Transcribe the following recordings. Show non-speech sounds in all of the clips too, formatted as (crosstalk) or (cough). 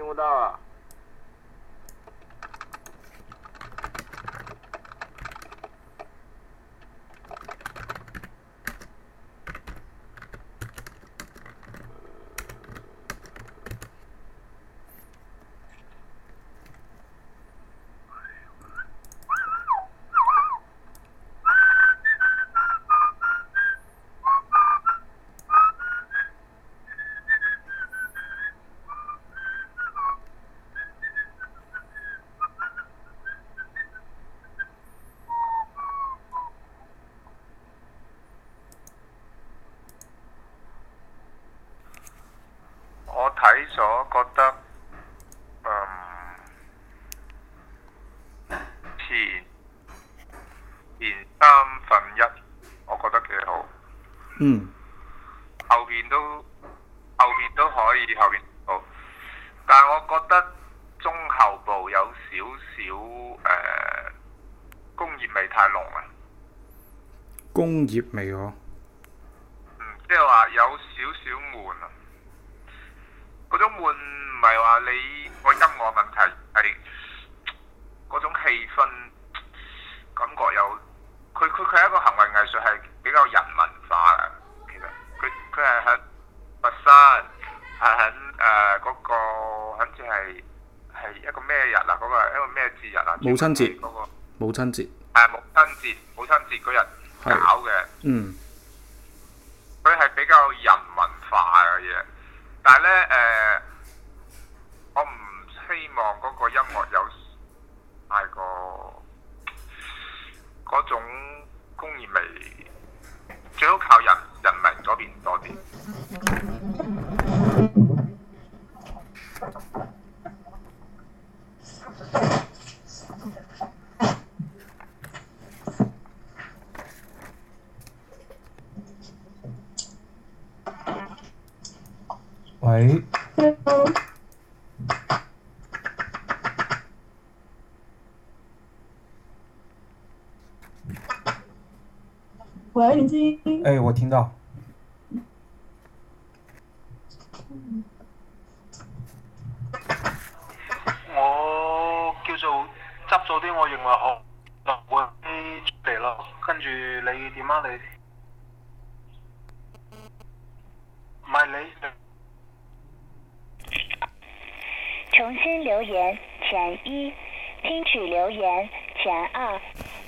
聽唔到啊！睇咗覺得，嗯，前前三分一，我覺得幾好。嗯。後邊都後邊都可以，後邊好。但係我覺得中後部有少少誒工業味太濃啦。工業味喎？嗯，即係話有少少悶。你個音樂問題係嗰種氣氛感覺有佢佢佢係一個行為藝術，係比較人民化嘅。其實佢佢係喺佛山，係喺誒嗰個好似係係一個咩日啊？嗰、嗰個係一個咩節日啊？母親節嗰個母親節係母親節，母親節嗰日、啊、搞嘅嗯。嗰個音樂有太過嗰種工業味，最好靠人人民嗰邊多啲。喂。喂，林志英。哎、欸，我聽到。 (laughs) 我叫做執咗啲我認為好落嗰啲嚟咯，跟住你點啊？你唔係你。重新留言前一，聽取留言前二，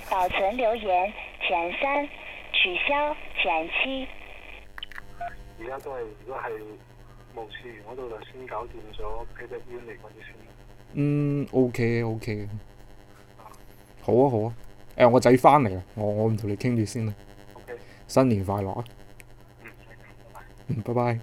保存留言前三。取消前期。而家都係，如果係冇事我度就先搞掂咗，佢哋要嚟啲先。嗯，OK，OK。好啊，好啊。誒、欸，我仔翻嚟啦，我我唔同你傾住先啦。OK。新年快樂、嗯！拜拜。拜拜。